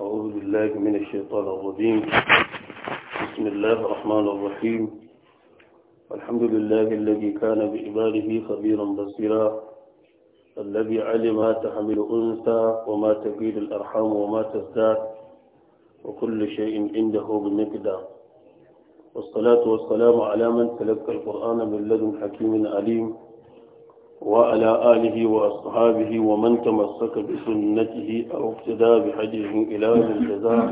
أعوذ بالله من الشيطان الرجيم بسم الله الرحمن الرحيم الحمد لله الذي كان بإباده خبيرا بصيرا الذي علم ما تحمل أنثى وما تقيل الأرحام وما تزداد وكل شيء عنده بمقدار والصلاة والسلام على من تلقى القرآن من لدن حكيم عليم وعلى آله وأصحابه ومن تمسك بسنته أو اقتدى بحجه إلى الجزاء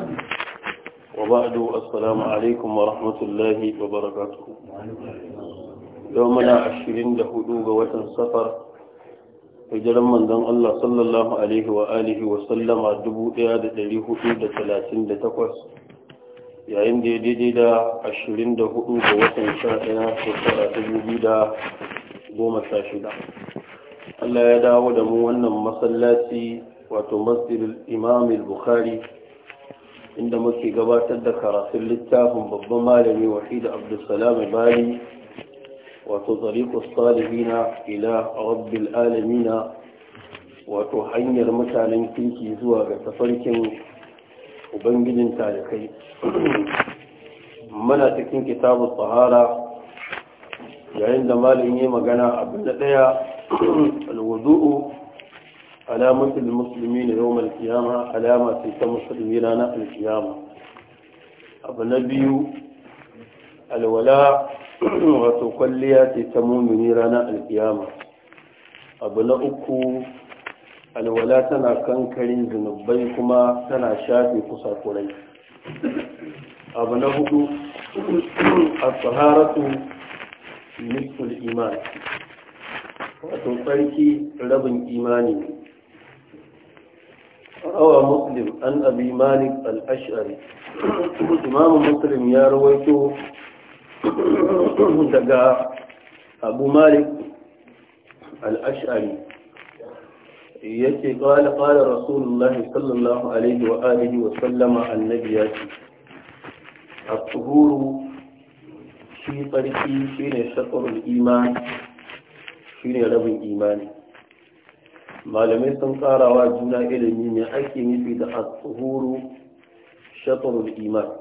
وبعد السلام عليكم ورحمة الله وبركاته يومنا عشرين لهدوغ وطن سفر hijiran manzon Allah sallallahu alaihi wa alihi wa sallama 1438 yayin da ya daidai da 24 ga watan 11 shekara goma sha shida Allah ya dawo da mu wannan masallaci wato masjidul imam al-bukhari inda muke gabatar da karatun littafin babban malami wahid abdulsalam bari wato tsariku salihina ila rabbil alamina wato hanyar mutanen kinki zuwa ga tafarkin ubangijin talikai mana cikin kitabu sahara yayin da malin yi magana abu na ɗaya alwudu'u alamatul musulmi na yawon alkiyama alama sai ta musulmi ranar alkiyama abu na biyu alwala wato kwalliya ce ta mumini ranar alkiyama abu na uku alwala tana kankarin zunubai kuma tana shafe kusa kurai abu na hudu a tsaharatu nisful iman wato tsarki rabin imani ne روى مسلم عن أبي مالك الأشعري إمام مسلم يا رويته دقاء أبو مالك الأشعري يتي قال قال رسول الله صلى الله عليه وآله وسلم النبي الطهور shi tsarki shi ne shakarun imani shi ne rabin imani malamai sun ƙarawa juna ilimi ne ake nufi da tsohuru shakarun imani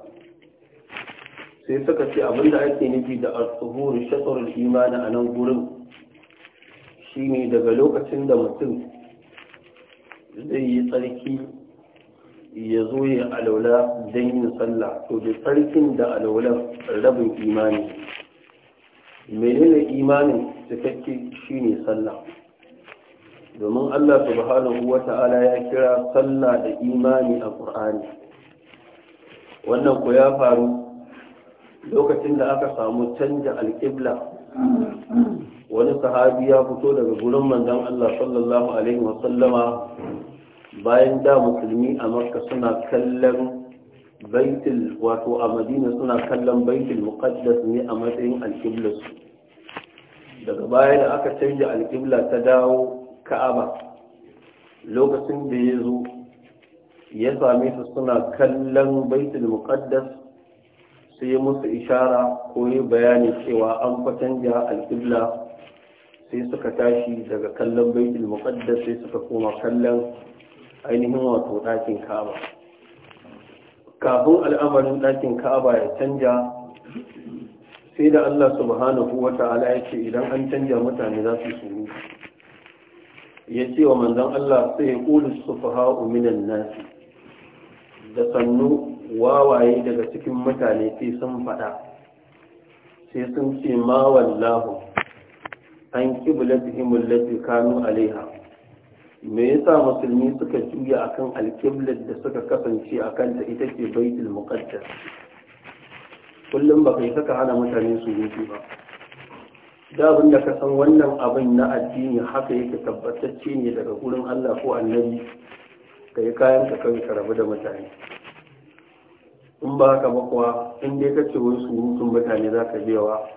sai suka ce abinda ake nufi da tsohuru shakarun imani a nan gurin shi ne daga lokacin da mutum zai yi tsarki ya zo ya alaula don yin sallah to da tsarkin da alaular rabin imani menene imanin cikakke shine sallah domin Allah subhanahu wa ta'ala ya kira sallah da imani a ƙur'ani wannan ku ya faru lokacin da aka samu canja alƙibla wani sahabi ya fito daga gurin manzon Allah sallallahu alaihi wasallama bayan da musulmi a makka suna kallon baitul wato a madina suna kallon baitul muqaddas ne a matsayin alƙibla daga baya da aka canja alƙibla ta dawo ka'aba lokacin da ya zo ya same su suna kallon baitul muqaddas sai musu ishara ko yi bayani cewa an fa canja alƙibla sai suka tashi daga kallon baitul muqaddas sai suka koma kallon ainihin wato ɗakin kaba kafin al'amarin ɗakin kaba ya canja sai da Allah subhanahu wa ta'ala ya ce idan an canja mutane za su suru ya ce wa manzan Allah sai ya ƙuli su uminan nasi da sannu wawaye daga cikin mutane sai sun faɗa sai sun ce ma wallahu an kibla bihimul lati kanu alaiha me yasa musulmi suka juya akan alƙiblar da suka kasance a kanta ita ce baitul muqaddas kullum ba kai saka hana mutane su yi ba da abin da ka san wannan abin na addini haka yake tabbatacce ne daga gurin Allah ko annabi ka yi kayan ka kai ka rabu da mutane in ba ka ba kuwa in dai ka ce wai surutun mutane za ka biyawa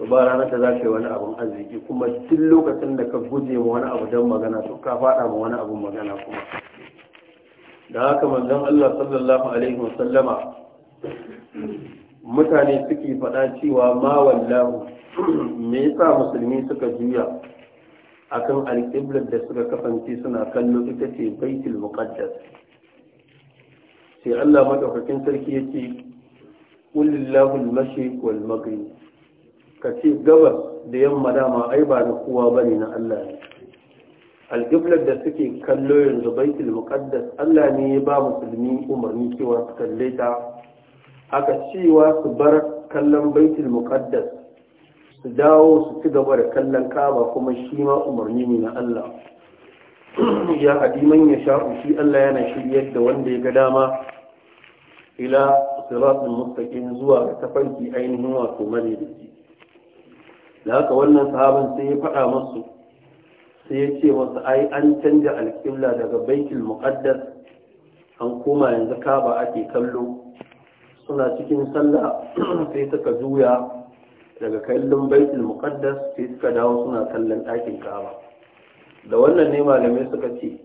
to ba ranar da za yi wani abun arziki kuma duk lokacin da ka guje ma wani abu don magana to ka faɗa ma wani abun magana kuma da haka manzon Allah sallallahu alaihi wasallama mutane suke faɗa cewa ma wallahu me yasa musulmi suka juya akan alƙiblar da suka kasance suna kallo ita ce baitul muqaddas sai Allah madaukakin sarki yake qul lillahu al-mashriq wal maghrib ka ce gabas da yamma dama ai ba na kowa ne na Allah ne alƙiblar da suke kallo yanzu baitul muqaddas Allah ne ya ba musulmi umarni cewa su kalle ta aka cewa su bar kallon baitul muqaddas su dawo su ci gaba da kallon kaba kuma shi ma umarni ne na Allah ya adiman ya sha'u shi Allah yana shiryar da wanda ya ga dama ila siratul mustaqim zuwa ga tafarki ainihin wato madaidaici da haka wannan sahaban sai ya faɗa masu sai ya ce masu ai an canja alƙibla daga baitul muqaddas an koma yanzu kaba ake kallo suna cikin sallah sai suka juya daga kallon baitul muqaddas sai suka dawo suna kallon ɗakin kaba da wannan ne malamai suka ce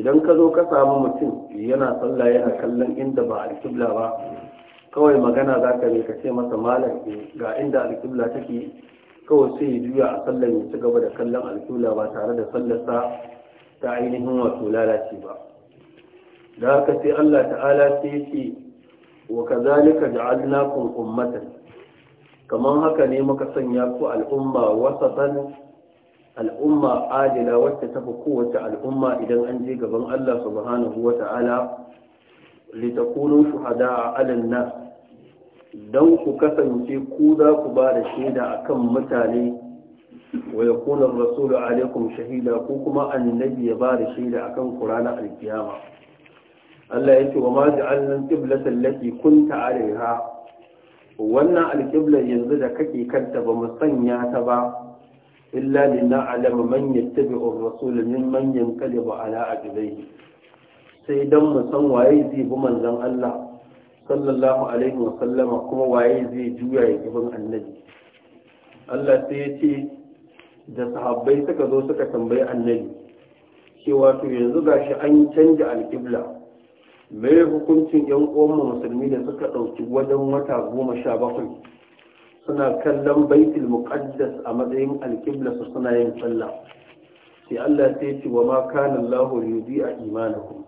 idan ka zo ka samu mutum yana sallah yana kallon inda ba alƙibla ba kawai magana za ka ce masa malam eh, ga inda alƙibla take kawai sai ya juya a sallar ya ci gaba da kallon alƙula ba tare da sallarsa ta ainihin wato lalace ba da haka sai Allah ta'ala sai ya ce wa kazalika ja'alnakum ummatan kaman haka ne muka sanya ku al'umma wasatan al'umma adila wacce tafi kowace al'umma idan an je gaban Allah subhanahu wa ta'ala litakunu shuhada 'ala an-nas don ku kasance ku za ku ba da shaida akan mutane wa ya kunan rasulu alaikum shahida ko kuma annabi ya ba da shaida akan kurana alkiyama Allah ya ce, wa maji allon qiblata allati kunta alaiha wannan alkiblar yanzu da kake kanta ba mu sanya ta ba illa lina'lama man yattabi'u ar-rasul mimman yanqalibu ala aqdayhi sai dan mu san waye zai bi manzon Allah sallallahu alaihi wa sallama kuma waye zai juya ya gaban annabi Allah sai ya ce da sahabbai suka zo suka tambayi annabi cewa to yanzu gashi an canja alƙibla mai hukuncin yan uwanmu musulmi da suka ɗauki wajen wata goma sha bakwai suna kallon baitul muqaddas a matsayin alƙibla su suna yin sallah sai Allah sai ya ce wa ma kana Allahu yudi a imanakum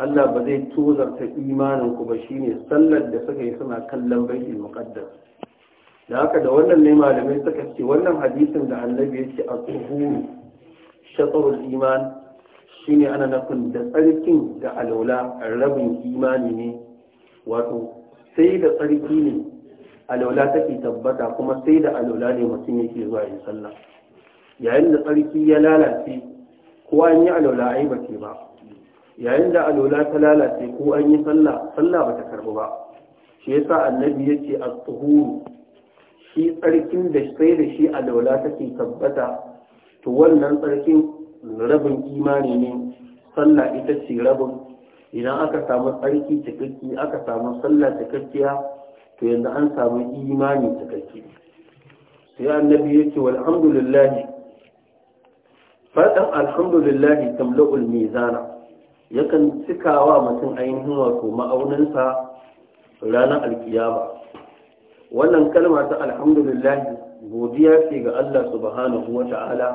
Allah ba zai tozarta imanin ku ba shine sallar da suka yi suna kallon baitul muqaddas da haka da wannan ne malamai suka ce wannan hadisin da annabi ya ce at-tuhuru shatrul iman shine ana nufin da tsarkin da alaula rabin imani ne wato sai da tsarki ne alaula take tabbata kuma sai da alwala ne mutum yake zuwa yin sallah yayin da tsarki ya lalace kowa an yi alaula ai bace ba yayin da alola ta lalace ko an yi sallah sallah ba ta karbu ba shi yasa annabi ya ce at-tuhuru shi tsarkin da sai da shi alola take tabbata to wannan tsarkin rabin imani ne sallah ita ce rabin idan aka samu tsarki cikakki aka samu sallah cikakkiya to yanzu an samu imani cikakki sai annabi ya ce walhamdulillah fadan alhamdulillah tamla'ul mizana yakan cikawa mutum ainihin wato ma'auninsa ranar alkiyama wannan kalma ta alhamdulillah godiya ce ga Allah subhanahu wa ta'ala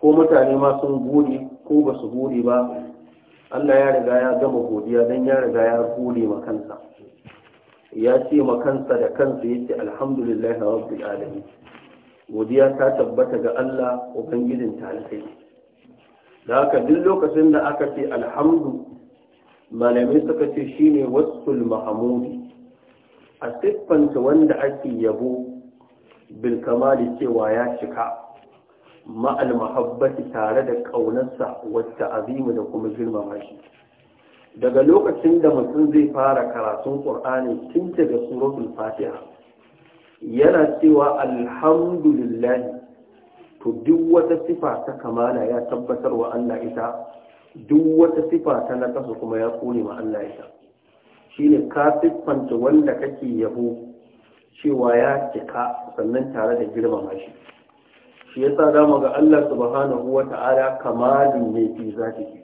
ko mutane ma sun gode ko ba su gode ba Allah ya riga ya gama godiya don ya riga ya gode ma kansa ya ce ma kansa da kansa ya ce alhamdulillah rabbil alamin godiya ta tabbata ga Allah ubangijin talibai da haka duk lokacin da aka ce alhamdu malamai suka ce shine wasful mahamudi a siffanta wanda ake yabo Bilkamali cewa ya cika ma'al mahabbati tare da ƙaunarsa wacce azimu da kuma girmama shi daga lokacin da mutum zai fara karatun ƙur'ani tun daga suratul fatiha yana cewa alhamdulillahi to duk wata sifa ta kamala ya tabbatar wa Allah ita duk wata sifa ta nakasa kuma ya kone ma Allah ita shine ka siffanta wanda kake yabo cewa ya cika sannan tare da girmama shi shi yasa zamu ga Allah subhanahu wata'ala kamalin ne fi zatihi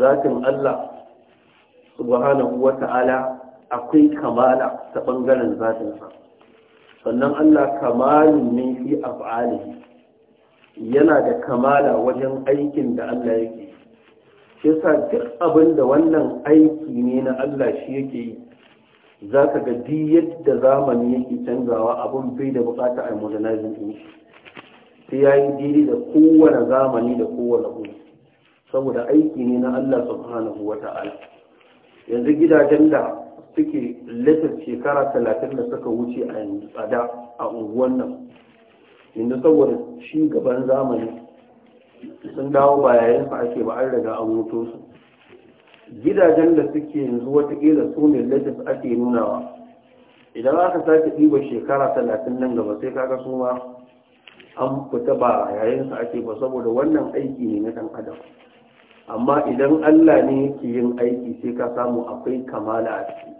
zatin Allah subhanahu wata'ala akwai kamala ta bangaren zatinsa sannan Allah kamalin ne fi af'alihi yana da kamala wajen aikin da Allah yake shi yasa duk abin da wannan aiki ne na Allah shi yake yi za ka ga duk yadda zamani yake canzawa abin bai da bukata a modernizing din shi sai ya yi diri da kowane zamani da kowane hu saboda aiki ne na Allah subhanahu wa ta'ala yanzu gidajen da suke latar shekara talatin da suka wuce a yanzu tsada a unguwan nan inda saboda shi gaban zamani sun dawo ba yayin fa ake ba an riga an mutu su gidajen da suke yanzu watakila su ne latest ake nunawa idan aka sake ɗiba shekara talatin nan gaba sai kaga su ma an fita ba yayin sa ake ba saboda wannan aiki ne na ɗan adam amma idan Allah ne yake yin aiki sai ka samu akwai kamala a ciki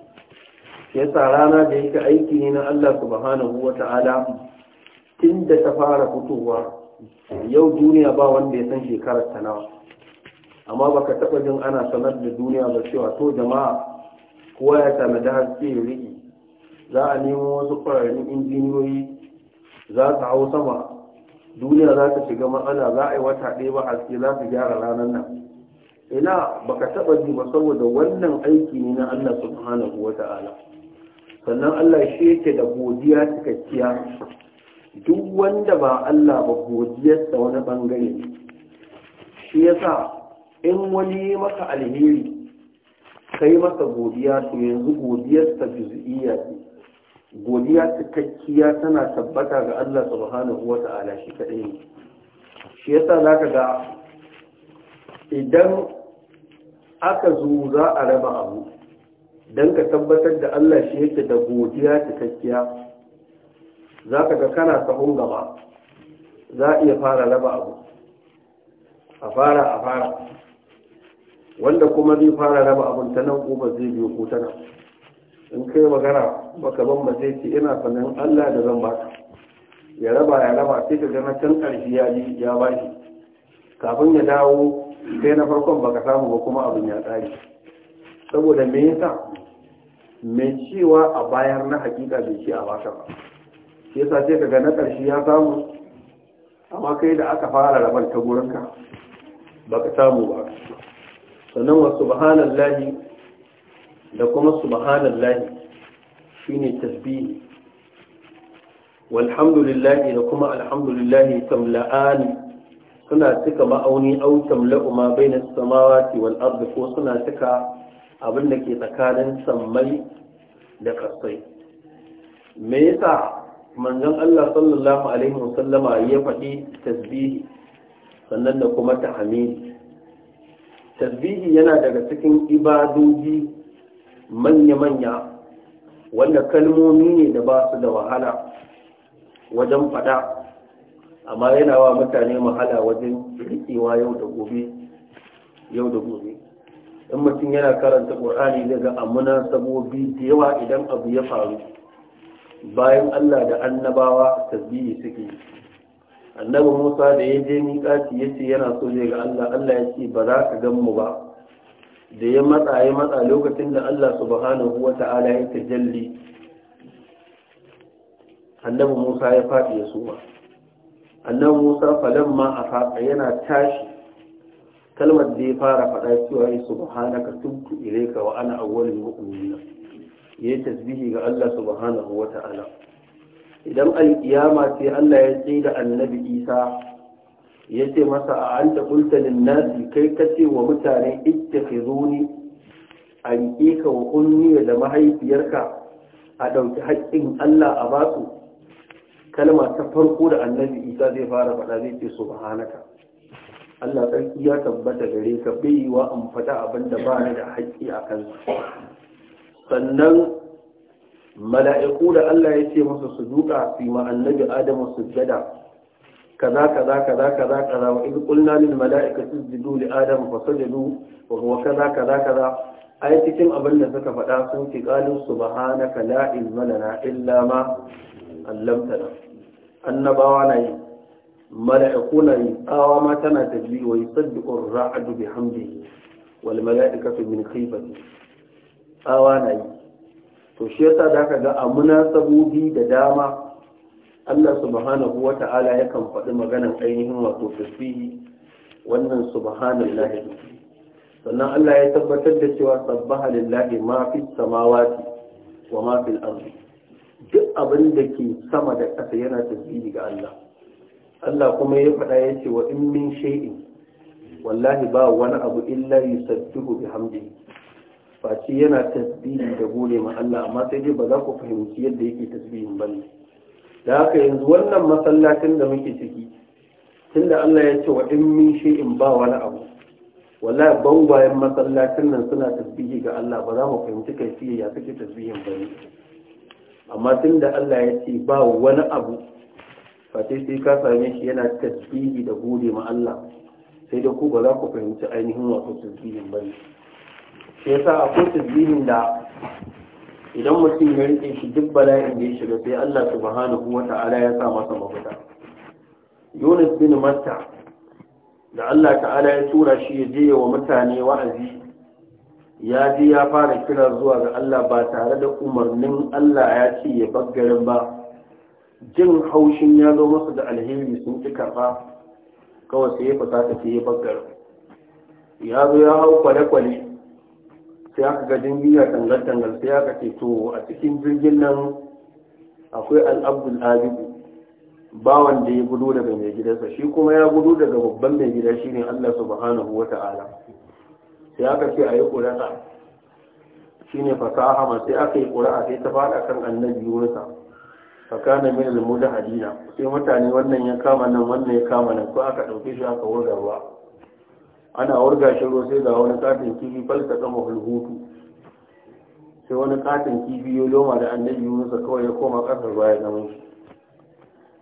yasa rana da yake aiki ne na Allah subhanahu wata'ala tun da ta fara fitowa yau duniya ba wanda ya san shekarar ta nawa amma baka taba jin ana sanar da duniya ba cewa to jama'a kowa ya da haske ya riƙe za a nemo wasu ƙwararrun injiniyoyi za ta hau sama duniya za ta shiga matsala za a yi wata ɗaya ba haske za ta gyara ranar nan ina baka taba ji ba saboda wannan aiki ne na Allah subhanahu wa ta'ala sannan Allah shi yake da godiya cikakkiya duk wanda ba Allah ba godiyarsa wani bangare shi yasa in wani maka alheri kai maka godiya to yanzu godiyarsa juz'iyya ce godiya cikakkiya tana tabbata ga Allah subhanahu wata'ala shi kadai ne shi yasa zaka ga idan aka zo za a raba abu don ka tabbatar da Allah shi yake da godiya cikakkiya za ka ga kana sahun gaba za a iya fara raba abu a fara a fara wanda kuma zai fara raba abun ta nan uba zai biyo ko ta nan in kai magana baka ban ba zai ce ina sanin allah da zan baka ya raba ya raba sai ka gana can ƙarshe ya ji ya ba shi kafin ya dawo kai na farkon baka samu ba kuma abin ya tsari saboda me yasa mai cewa a bayar na hakika bai ce a baka ba shi ce sai kaga na ƙarshe ya samu amma kai da aka fara rabar ta gurinka ba ka samu ba sannan wa subhanallahi da kuma shi ne tasbihi walhamdulillahi da kuma alhamdulillahi tamla'ani suna cika ma'auni au tamla'uma ma baina samawati wal ardi ko suna cika abin da ke tsakanin sammai da kasai me yasa manzon Allah sallallahu alaihi wasallama ya faɗi tasbihi sannan da kuma tahmidi tasbihi yana daga cikin ibadoji manya-manya wanda kalmomi ne da ba su da wahala wajen faɗa amma yana wa mutane wahala wajen riƙewa yau da gobe yau da gobe in mutum yana karanta ƙur'ani daga amuna sabobi da yawa idan abu ya faru bayan Allah da annabawa tasbihi suke annabi Musa da ya je miƙati yace yana so zai ga Allah Allah yace ce ba za ka gan mu ba da ya matsa ya matsa lokacin da Allah subhanahu wata'ala ya tajalli annabi Musa ya faɗi ya suma annabi Musa falamma a faɗa yana tashi kalmar da ya fara faɗa cewa ya subhanaka tubtu ilayka wa ana awwalul mu'minin ya yi tasbihi ga Allah subhanahu wa ta'ala idan alkiyama ce Allah ya ce da annabi Isa ya ce masa a an ta nasi kai ce wa mutane ittakhizuni an ka wa ummi da mahaifiyarka a ɗauki haƙƙin Allah a basu kalma ta farko da annabi Isa zai fara faɗa zai ce subhanaka Allah tsarki ya tabbata gare ka bai wa amfata faɗa abin da ba da haƙƙi a kansa sannan mala'iku da Allah ya ce masa su duka fi annabi Adamu sujjada kaza kaza kaza kaza kaza wa mala'ika su lil mala'ikati isjudu li adam fasajadu wa huwa kaza kaza kaza ai cikin abin da suka faɗa sun ce qalu subhanaka la mana na illa ma 'allamtana annabawa na yi mala'iku na yi tsawa ma tana tabi wa yusaddiqu ar-ra'du bihamdihi wal su min khifatihi tsawa na yi to shi yasa da ka ga a munasabobi da dama Allah subhanahu wa ta'ala yakan faɗi maganar ainihin wato tasbihi wannan subhanallahi sannan Allah ya tabbatar da cewa sabbaha lillahi ma fi samawati wa ma fil ardi duk abin da ke sama da ƙasa yana tasbihi ga Allah Allah kuma ya faɗa ya ce wa in min shay'in wallahi ba wani abu illa yusabbihu bihamdihi face yana tasbihi da gode ma Allah amma sai dai ba za ku fahimci yadda yake tasbihin ba ne da haka yanzu wannan masallacin da muke ciki tunda Allah ya ce wa in min shay'in ba wani abu wallahi bayan masallacin nan suna tasbihi ga Allah ba za mu fahimci kai ya sake tasbihin ba ne amma tunda Allah ya ce ba wani abu face sai ka same shi yana tasbihi da gode ma Allah sai da ku ba za ku fahimci ainihin wato tasbihin ba ne shi a kotun zihin da idan mutum ya rike shi duk bala'in da ya shiga sai Allah subhanahu wa ta'ala ya sa masa mafita Yunus bin Matta da Allah ta'ala ya tura shi ya je wa mutane wa'azi ya je ya fara kira zuwa ga Allah ba tare da umarnin Allah ya ce ya baggarin ba jin haushin ya zo masa da alheri sun ci karɓa kawai sai ya fita ta ya baggarin ya zo ya hau kwale-kwale sai aka ga jirgin tangal-tangal sai aka ce to a cikin jirgin nan akwai al'abdul abidu ba wanda ya gudu daga mai gidansa shi kuma ya gudu daga babban mai gida ne Allah subhanahu wa ta'ala sai aka ce a yi ƙura'a shine fasaha sai aka yi ƙura'a sai ta faɗa kan annabi Yunusa fakana min al hadina sai mutane wannan ya kama nan wannan ya kama nan ko aka ɗauke shi aka wurga ruwa ana warga shi ruwa sai ga wani katin kifi falka kama hulhutu sai wani katin kifi ya loma da annabi yunusa kawai ya koma kasar bayan zaman shi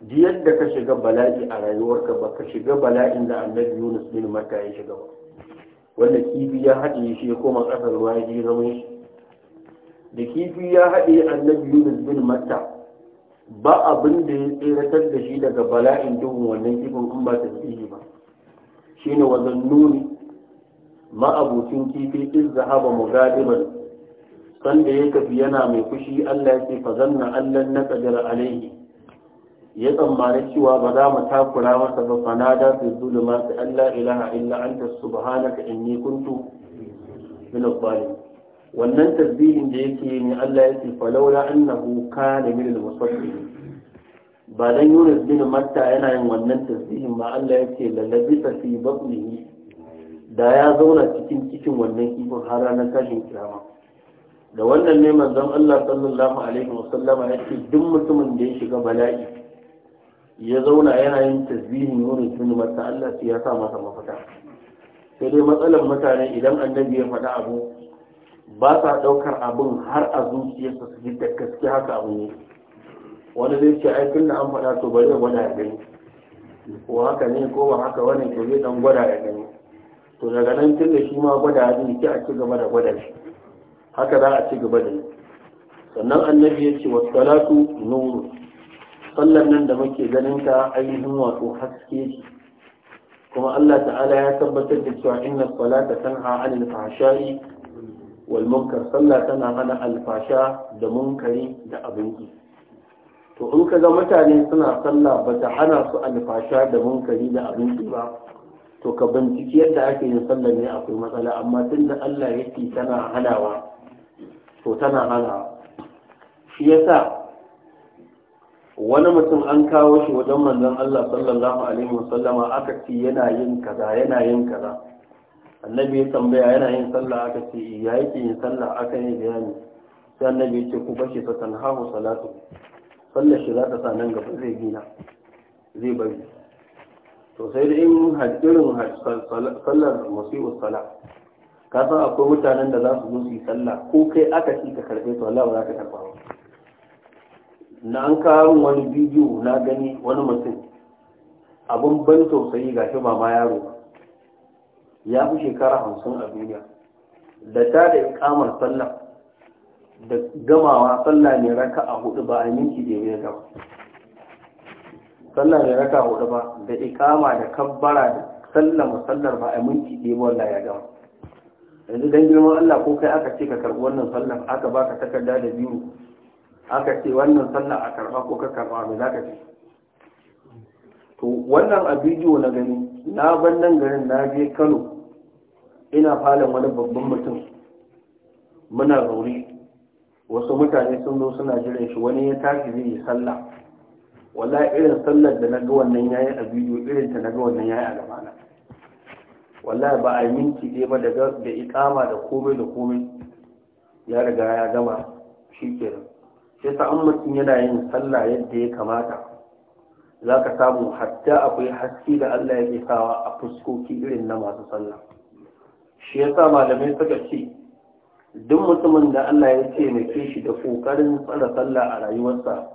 ji yadda ka shiga bala'i a rayuwarka ba ka shiga bala'in da annabi yunus bin makka ya shiga ba wanda kifi ya haɗe shi ya koma kasar ruwa ya je zaman shi da kifi ya haɗe annabi yunus bin makka ba abin da ya tseratar da shi daga bala'in duhun wannan kifin in ba tasbihi ba shine wajen nuni ma'abucin kifi in zahaba mugadiman sanda ya tafi yana mai fushi Allah ya ce fa zanna allan na qadara alaihi ya tsammani cewa ba za mu takura masa ba fanada fi zulumati Allah ilaha illa anta subhanaka inni kuntu min adh-dhalimin wannan tasbihin da yake ne Allah ya ce falawla annahu kana min al-musabbihin ba dan Yunus bin Matta yana yin wannan tasbihin ba Allah yake lalabi ta fi babni da ya zauna cikin cikin wannan kifin har ranar kashin kirama. da wannan ne manzon Allah sallallahu alaihi wasallama yake duk mutumin da ya shiga bala'i ya zauna yana yin tasbihin Yunus bin Matta Allah sai ya sa masa mafita sai dai matsalar mutane idan annabi ya faɗa abu ba sa ɗaukar abin har a zuciyarsa su ji da gaske haka abu ne wani zai ce ai tun an faɗa to bari gwada ya gani ko haka ne ko ba haka wani to zai dan gwada ya gani to daga nan tun da shi ma gwada ya gani ki a ci gaba da gwada shi haka za a ci gaba da yi sannan annabi ya ce wasu salatu nuru sallan nan da muke ganin ta ainihin wato haske ce kuma Allah ta'ala ya tabbatar da cewa inna salata tanha 'anil fahsha'i wal munkar sallah tana hana alfasha da munkari da abinci to in ka ga mutane suna sallah ba ta hana su alfasha da munkari da abinci ba to ka binciki yadda ake yin sallah ne akwai matsala amma tun da Allah yake tana hanawa to tana hanawa shi yasa wani mutum an kawo shi wajen manzon Allah sallallahu alaihi wasallama aka ce yana yin kaza yana yin kaza annabi ya tambaya yana yin sallah aka ce ya yake yin sallah aka yi bayani sai annabi ya ce ku bashi fa tanhahu salatu sallar shi za ta sa nan gaba zai gina zai bari to sai da in irin sallar masu sala ka san akwai mutanen da za su zo su yi sallah ko kai aka ci ka karɓe to Allah ba za ka karɓa ba na an kawo wani bidiyo na gani wani mutum abin ban tausayi ga shi ba ma yaro ya fi shekara hamsin a duniya da ta da ikamar sallah da gamawa sallah ne raka a hudu ba a minti da ya gaba sallah ne raka a hudu ba da ikama da kabbara da sallah musallar ba a minti da ya wallah ya gama yanzu dan girman Allah ko kai aka ce ka karbi wannan sallah aka baka takarda da biyu aka ce wannan sallah a karba ko ka karba me zaka ce to wannan a bidiyo na gani na ban nan garin na je Kano ina falon wani babban mutum muna zaure wasu mutane sun zo suna jiran shi wani ya tashi zai yi sallah wala irin sallar da na wannan yayi a bidiyo irin ta na wannan yayi a gabana wallahi ba a yi minti dai ba daga da ikama da komai da komai ya riga ya gama shi sai sa an mutum yana yin sallah yadda ya kamata zaka samu hatta akwai haske da Allah yake sawa a fuskoki irin na masu sallah shi yasa malamai suka ce duk mutumin da Allah ya taimake shi da kokarin tsara sallah a rayuwarsa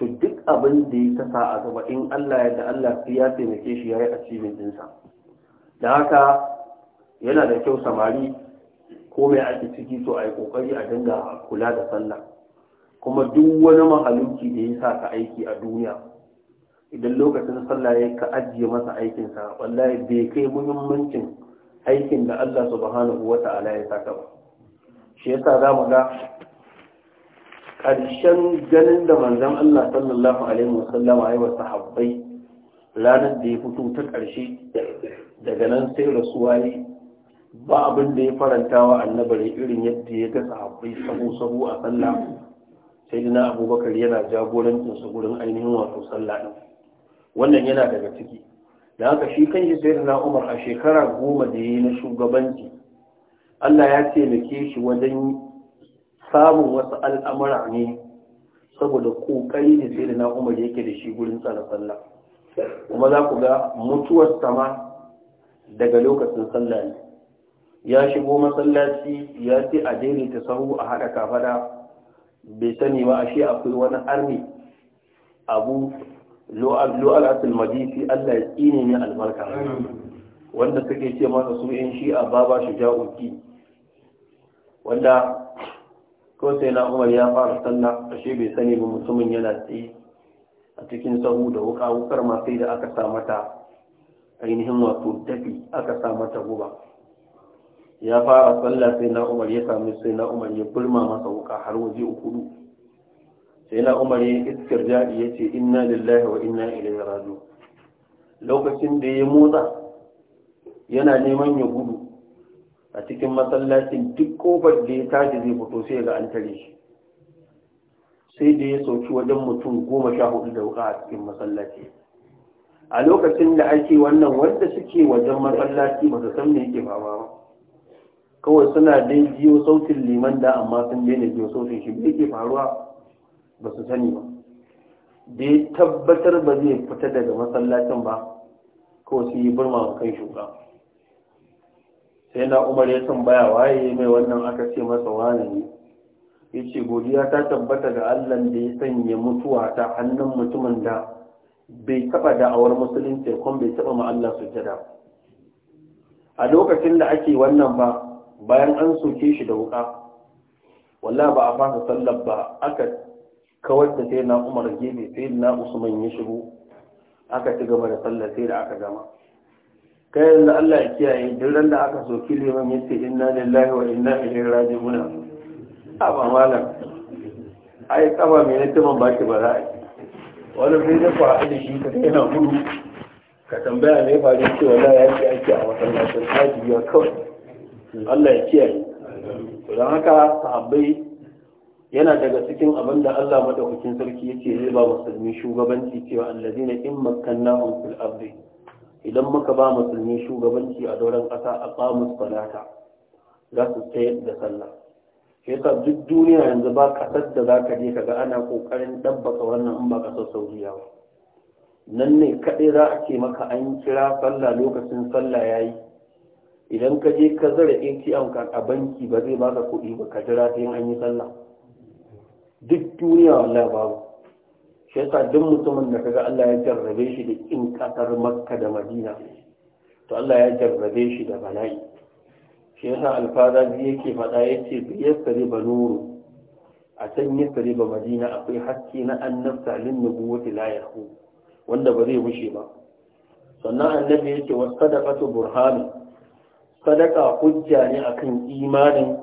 to duk abin da ya kasa a gaba in Allah ya da Allah sai ya taimake shi ya yi a cikin jinsa? da haka yana da kyau samari ko mai ake ciki to yi kokari a dinga kula da sallah kuma duk wani mahalunci da ya sa ka aiki a duniya idan lokacin sallah ya ka ajiye masa aikinsa wallahi bai kai muhimmancin aikin da Allah subhanahu wa ta'ala ya saka ba shi yasa za mu ga ƙarshen ganin da manzan Allah sallallahu alaihi wasallama ya wasu habbai ranar da ya fito ta ƙarshe daga nan sai rasuwa ne ba abin da ya faranta wa annabar irin yadda ya ga sahabbai sabo-sabo a sallah sai dina abubakar yana jagorancin su gurin ainihin wato sallah din wannan yana daga ciki da haka shi kan shi sai na umar a shekara goma da ya yi na shugabanci Allah ya taimake shi wajen samun wasu al'amura ne saboda kokari da sai da na umar yake da shi gurin tsara sallah kuma za ku ga mutuwar sama daga lokacin sallah ne ya shigo masallaci ya ce a ta sahu a haɗa kafada bai sani ba shi akwai wani armi abu lo'al asil majisi allah ya tsine ne albarka wanda suke ce masa su yan shi'a baba ja'uki wanda ko sai na umar ya fara sallah ashe bai sani ba mutumin yana tsaye a cikin sahu da wuka wukar ma da aka sa mata ainihin wato dafi aka sa mata guba ya fara sallah sai na umar ya sami sai na umar ya bulma masa wuka har waje uku sai na umar ya iskar jaɗi ya ce inna lillahi wa inna ilaihi raju. lokacin da ya motsa yana neman ya gudu a cikin masallacin duk ƙofar da ya tashi zai fito sai ga an tare shi sai da ya sauki wajen mutum goma sha hudu da wuka a cikin masallaci a lokacin da ake wannan wanda suke wajen masallaci ba su san me yake fama ba kawai suna dai jiyo sautin liman da amma sun daina jiyo sautin shi me yake faruwa ba su sani ba da tabbatar ba zai fita daga masallacin ba kawai su yi burma kan shuka sai na umar ya tambaya waye mai wannan aka ce masa wani ne ya ce godiya ta tabbata ga allah da ya sanya mutuwa ta hannun mutumin da bai taba da'awar musulunci kuma bai taba ma allah su sujjada a lokacin da ake wannan ba bayan an soke shi da wuka walla ba a fasa sallar ba aka kawar da sai na umar gebe sai na usman ya shigo aka ci gaba da sallar sai da aka gama kai yanzu Allah ya kiyaye duk da aka so soki liman yace inna lillahi wa inna ilaihi raji'un aba ba malam ai kaba me ne tuma ba bara ai wani bai da kwa aji shi ka yana gudu ka tambaya mai faru cewa na ya ce ake a masallacin haji biyar kawai Allah ya kiyaye dan haka sahabbai yana daga cikin abin da Allah madaukakin sarki yake zai ba musulmi shugabanci cewa allazina in makkannahum fil ardi idan muka ba musulmi shugabanci a doron ƙasa a ƙamus salata za su tsayar da sallah shi yasa duk duniya yanzu ba ƙasar da za ka je ka ga ana ƙoƙarin ɗabbaka wannan in ba ƙasar saudiya ba nan ne kaɗai za a ce maka an kira sallah lokacin sallah ya yi idan ka je ka zara atm ka a banki ba zai ba ka kuɗi ba ka jira sai an yi sallah duk duniya wallahi babu shi yasa duk mutumin da kaga Allah ya jarrabe shi da kin kasar Makka da Madina to Allah ya jarrabe shi da bala'i shi yasa alfada bi yake faɗa yace bi yasri banuru a can sare ba Madina akwai haske na annabta lin nubuwati la yahu wanda ba zai wuce ba sannan annabi yake wa sadaqatu burhani sadaka hujja ne akan imanin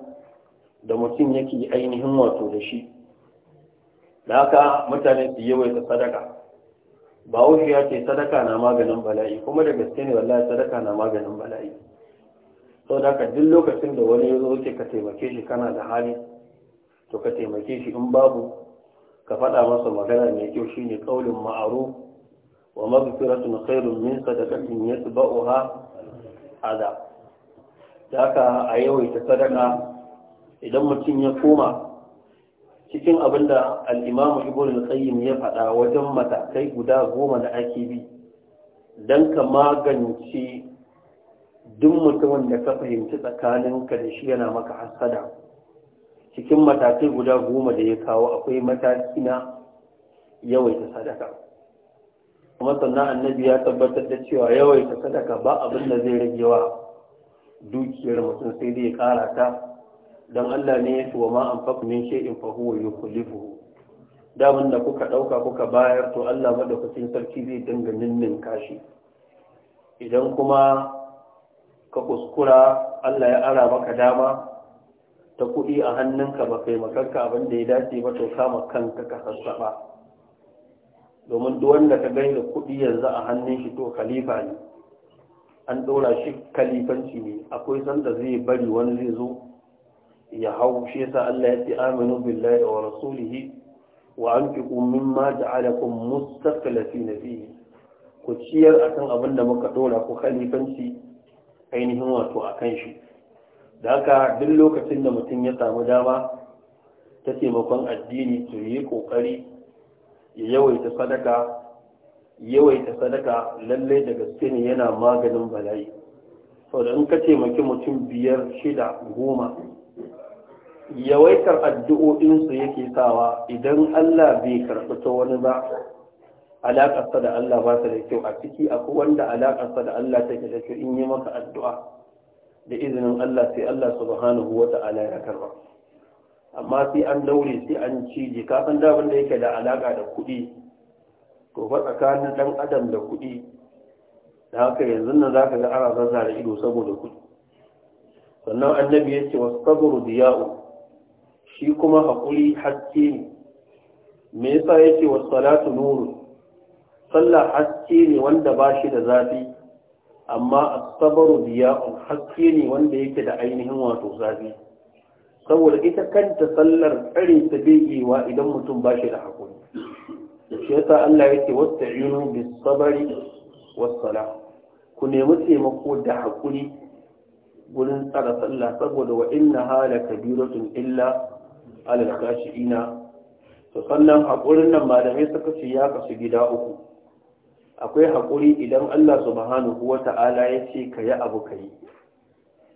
da mutum yake ainihin wato da shi da haka mutane su yawaita sadaka ba wuce ya ce sadaka na maganin bala'i kuma da gaske ne wallahi sadaka na maganin bala'i sau da duk lokacin da wani ya zo ka taimake shi kana da hali to ka taimake shi in babu ka faɗa masa magana mai kyau shine kaulin ma'aru wa maghfiratun khairun min sadaqatin yatba'uha ada da haka a yawaita sadaka idan mutum ya koma cikin abin da al'imamu ibn ya faɗa wajen matakai guda goma da ake bi don ka magance duk mutumin da ka fahimci tsakaninka da shi yana maka hasada cikin matakai guda goma da ya kawo akwai mataki na yawaita sadaka kuma sannan annabi ya tabbatar da cewa yawaita sadaka ba abin da zai ragewa dukiyar mutum sai dai ya ƙara ta don Allah ne yake wa ma anfaqu min in fa huwa yukhlifuhu daman da kuka ɗauka kuka bayar to Allah madaukakin sarki zai danga ninnin kashi idan kuma ka kuskura Allah ya ara maka dama ta kuɗi a hannunka ba kai makarka abin da ya dace ba to kama kanka ka sassaɓa domin duk wanda ka gani da kuɗi yanzu a hannun shi to khalifa ne an ɗora shi kalifanci ne akwai sanda zai bari wani zai zo ya hau shi yasa Allah ya ce aminu billahi wa rasulihi wa anfiqu mimma ja'alakum na fi ku ciyar akan abin da muka dora ku khalifanci ainihin wato akan shi da haka duk lokacin da mutum ya samu dama ta taimakon addini to yi kokari ya yawaita sadaka yawaita sadaka lallai da gaske ne yana maganin bala'i saboda in ka taimaki mutum biyar shida goma yawaitar addu'o'insu yake sawa idan Allah bai karɓi ta wani ba alaƙarsa da Allah ba ta da kyau a ciki akwai wanda alaƙarsa da Allah take da kyau in yi maka addu'a da izinin Allah sai Allah subhanahu wa ta'ala ya karɓa amma sai an daure sai an cije kafin da da yake da alaƙa da kuɗi to fa tsakanin ɗan adam da kuɗi da haka yanzu nan za ka ga ana zazzara ido saboda kuɗi sannan annabi ya ce wasu saburu diya'u shi kuma hakuri haske ne me yasa yake wa salatu nuru sallah haske ne wanda ba shi da zafi amma asabaru biya'un haske ne wanda yake da ainihin wato zafi saboda ita kanta sallar tsarin ta begewa idan mutum ba shi da haƙuri shi yasa Allah yake wasta'inu bis sabari was ku nemi taimako da hakuri gurin tsara sallah saboda wa inna hala kabiratun illa alal khashi'ina to sannan haƙurin nan malamai suka ce ya kasu gida uku akwai haƙuri idan Allah subhanahu wa ta'ala ya ce ka yi abu ka yi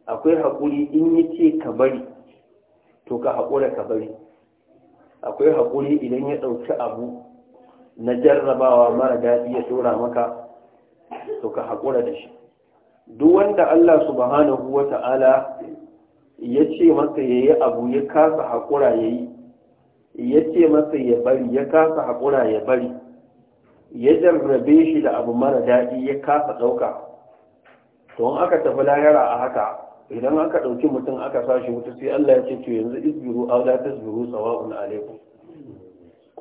akwai haƙuri in ya ce ka bari to ka haƙura ka bari akwai haƙuri idan ya ɗauki abu na jarrabawa mara daɗi ya tura maka to ka haƙura da shi duk wanda Allah subhanahu wa ta'ala ya ce masa ya yi abu ya kasa haƙura ya yi ya ce masa ya bari ya kasa haƙura ya bari ya jarrabe shi da abu mara daɗi ya kasa ɗauka to aka tafi lahira a haka idan aka ɗauki mutum aka sa shi wuta sai Allah ya ce to yanzu isbiru aw la tasbiru sawa'un alaikum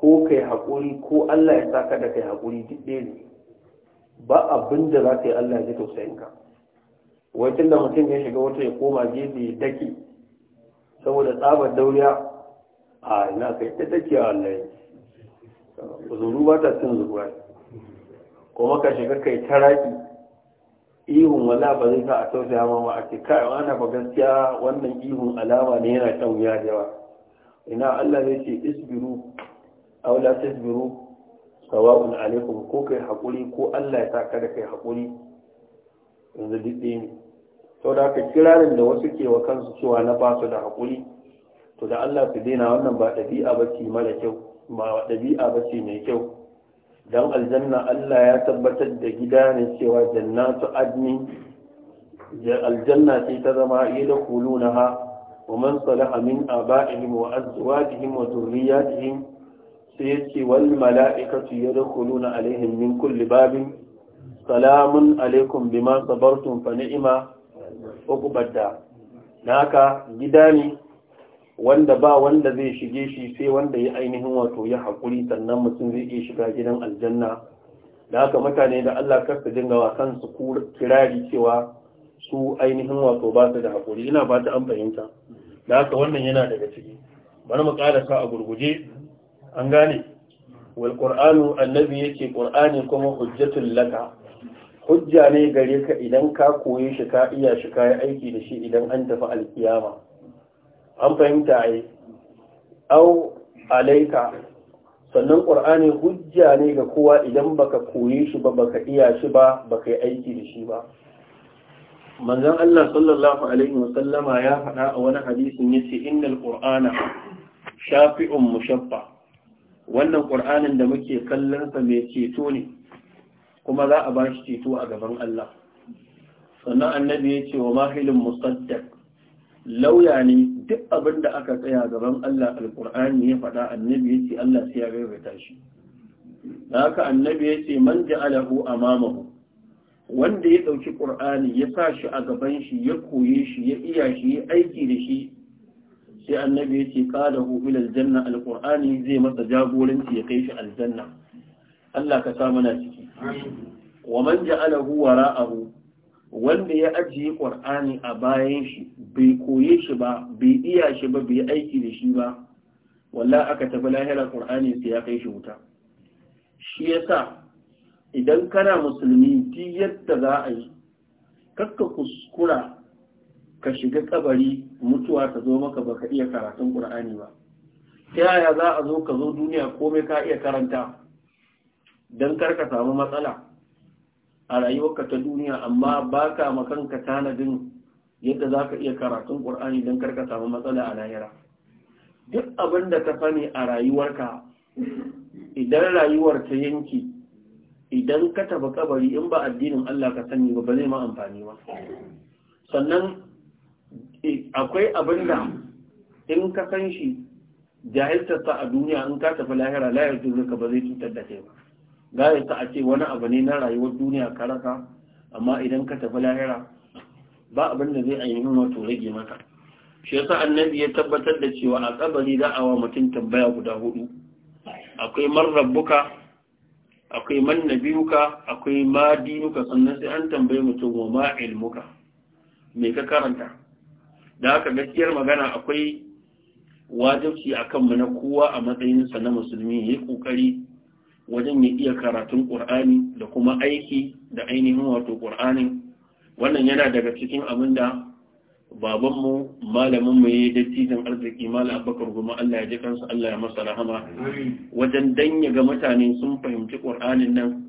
ko kai haƙuri ko Allah ya saka da kai haƙuri duk ɗaya ne ba abinda da za ka yi Allah ya ji tausayin ka wacin da mutum ya shiga wata ya koma gefe ya dake saboda tsabar dauriya a ina kai ta dake a wallahi zuru ba ta cin zuruwa kuma ka shiga kai taraki ihun wala ba zai sa a tausaya ya a cika kai ana ba gaskiya wannan ihun alama ne yana shan wuya da yawa ina Allah zai ce isbiru aw la sawa'un alaikum ko kai haƙuri ko Allah ya sa kada kai haƙuri. yanzu ne sau da aka kirarin da wasu ke wa kansu cewa na ba su da haƙuri to da Allah su daina wannan ba ɗabi'a ba ce mara kyau ba ɗabi'a ba ce mai kyau don aljanna Allah ya tabbatar da gida ne cewa jannatu adni aljanna ce ta zama ila kulunaha ومن صلح من آبائهم وأزواجهم وذرياتهم سيأتي والملائكة يدخلون عليهم من كل babin. salamun alaikum bima sabartum fa ni'ima uqbadda naka gida ne wanda ba wanda zai shige shi sai wanda ya ainihin wato ya hakuri sannan mutum zai iya shiga gidan aljanna da mutane da Allah karsa dinga wasan su kirari cewa su ainihin wato ba su da hakuri ina ba ta an fahimta da wannan yana daga ciki bari mu ka a gurguje an gane wal qur'anu annabi yake qur'ani kuma hujjatul laka hujja ne gare ka idan ka koye shi ka iya shi ka yi aiki da shi idan an tafi alkiyama an fahimta yi. au alaika sannan ƙur'ani hujja ne ga kowa idan baka koye shi ba baka iya shi ba baka yi aiki da shi ba manzon Allah sallallahu alaihi wasallama ya faɗa a wani hadisin yace innal qur'ana shafi'un Mushabba, wannan ƙur'anin da muke kallon sa mai ceto ne kuma za a ba shi ceto a gaban Allah sannan annabi ya ce wa mahilin musaddak lauya ne duk abin da aka tsaya gaban Allah alkur'ani ya faɗa annabi ya ce Allah sai ya gaggata shi haka annabi ya ce man ja'alahu amamahu wanda ya ɗauki ƙur'ani ya sa shi a gaban shi ya koye shi ya iya shi ya aiki da shi sai annabi ya ce kada hu ilal alqur'ani zai masa jagoranci ya kai shi aljanna Allah ka sa mana wa man ja'alahu wara'ahu wanda ya ajiye ƙur'ani a bayan shi bai koye shi ba bai iya shi ba bai aiki da shi ba walla aka tafi lahirar qur'ani sai ya kai shi wuta shi yasa idan kana musulmi ti yadda za a yi kakka kuskura ka shiga kabari mutuwa ta zo maka ba ka iya karatun ƙur'ani ba ta yaya za a zo ka zo duniya komai ka iya karanta don karka samu matsala a rayuwarka ta duniya amma ba ma kanka tanadin yadda za ka iya karatun ƙur'ani don karka samu matsala a lahira duk abin da ka sani a rayuwarka idan rayuwar ta yanki idan ka taba kabari in ba addinin Allah ka sani ba zai ma amfani ba sannan eh, akwai abin da in ka san shi jahiltarsa a duniya in ka tafi lahira lahir jirka ba zai cutar da kai ba Za ya a ce wani abu ne na rayuwar duniya ka rasa amma idan ka tafi lahira ba abin zai ainihin wato rage maka shi yasa annabi ya tabbatar da cewa a kabari da'awa mutum tambaya guda hudu akwai man rabbuka akwai man nabiyuka akwai ma dinuka sannan sai an tambaye mutum wa ma ilmuka me ka karanta da haka gaskiyar magana akwai wajibci akan mu na kowa a matsayinsa na musulmi yayi kokari wajen ya iya karatun ƙur'ani da kuma aiki da ainihin wato ƙur'anin wannan yana daga cikin abin da babanmu malaminmu ya yi dattijin arziki mala abakar goma Allah ya ji kansu Allah ya masa rahama wajen dan ga mutane sun fahimci ƙur'anin nan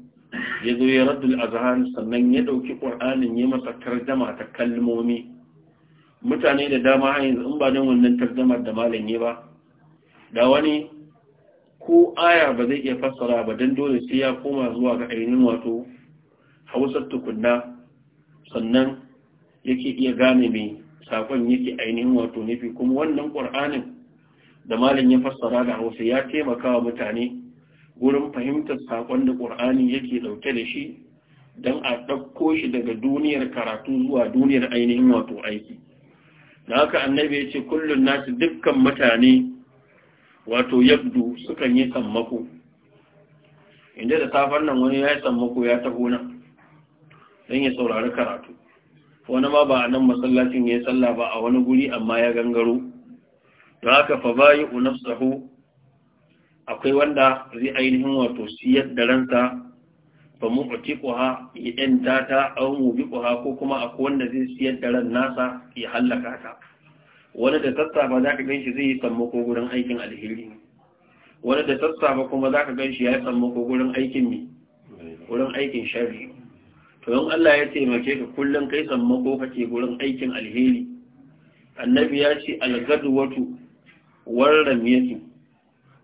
ya zo ya raddul azhar sannan ya ɗauki ƙur'anin ya masa tarjama ta kalmomi mutane da dama har yanzu in ba don wannan tarjamar da malam ya ba da wani ko aya ba zai iya fassara ba don dole sai ya koma zuwa ga ainihin wato hausar tukunna sannan yake iya gane mai sakon yake ainihin wato nufi kuma wannan ƙur'anin da malin ya fassara da hausa ya taimaka wa mutane gurin fahimtar sakon da ƙur'ani yake ɗauke da shi don a ɗauko shi daga duniyar karatu zuwa duniyar ainihin wato aiki da haka annabi ya ce kullum nasu dukkan mutane wato yabdu sukan yi sammako inda da safar nan wani ya yi sammako ya taho nan don ya saurari karatu wani ma ba a nan masallacin ya yi tsalla ba a wani guri amma ya gangaro Da aka fa bayi unafsahu akwai wanda zai ainihin wato siyar da ransa ba mu ƙwaƙiƙuwa ya ‘yanta ta, an mu bi ko kuma akwai wanda zai siyar da ran nasa ya hallaka ta. wani da sassafa za ka ganshi zai yi sammako gurin aikin alheri wani da sassafa kuma za ka ganshi ya yi sammako gurin aikin mi gurin aikin shari to yin Allah ya taimake ka kullum kai sammako kake gurin aikin alheri annabi ya ce algadwatu warramiyatu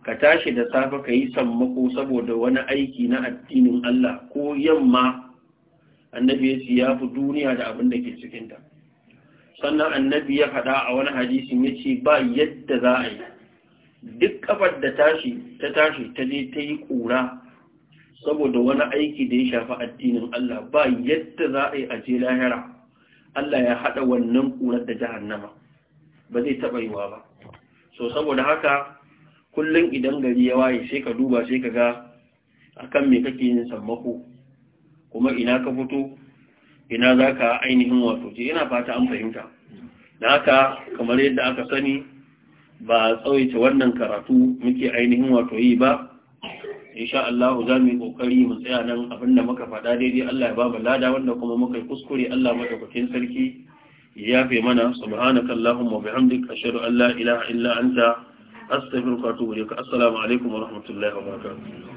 ka tashi da safe ka yi sammako saboda wani aiki na addinin Allah ko yamma annabi ya ce ya fi duniya da abin da ke cikinta. sannan annabi ya faɗa a wani hadisin ya ce ba yadda za a yi duk kafar da tashi ta tashi ta je ta yi ƙura saboda wani aiki da ya shafi addinin Allah ba yadda za a yi a je lahira Allah ya haɗa wannan ƙurar da jahannama ba zai taɓa yiwa ba so saboda haka kullum idan gari ya waye sai ka duba sai ka ga akan me kake yin sammako kuma ina ka fito ina za ka ainihin wato ce ina fata an fahimta da haka kamar yadda aka sani ba a tsawaita wannan karatu muke ainihin wato yi ba insha Allah za mu yi kokari mu tsaya nan abinda muka faɗa daidai Allah ya ba mu lada wanda kuma muka yi kuskure Allah madaukakin sarki ya yafe mana subhanaka allahumma bihamdika ashhadu an la ilaha illa anta astaghfiruka wa atubu ilaik assalamu alaikum wa rahmatullahi wa barakatuh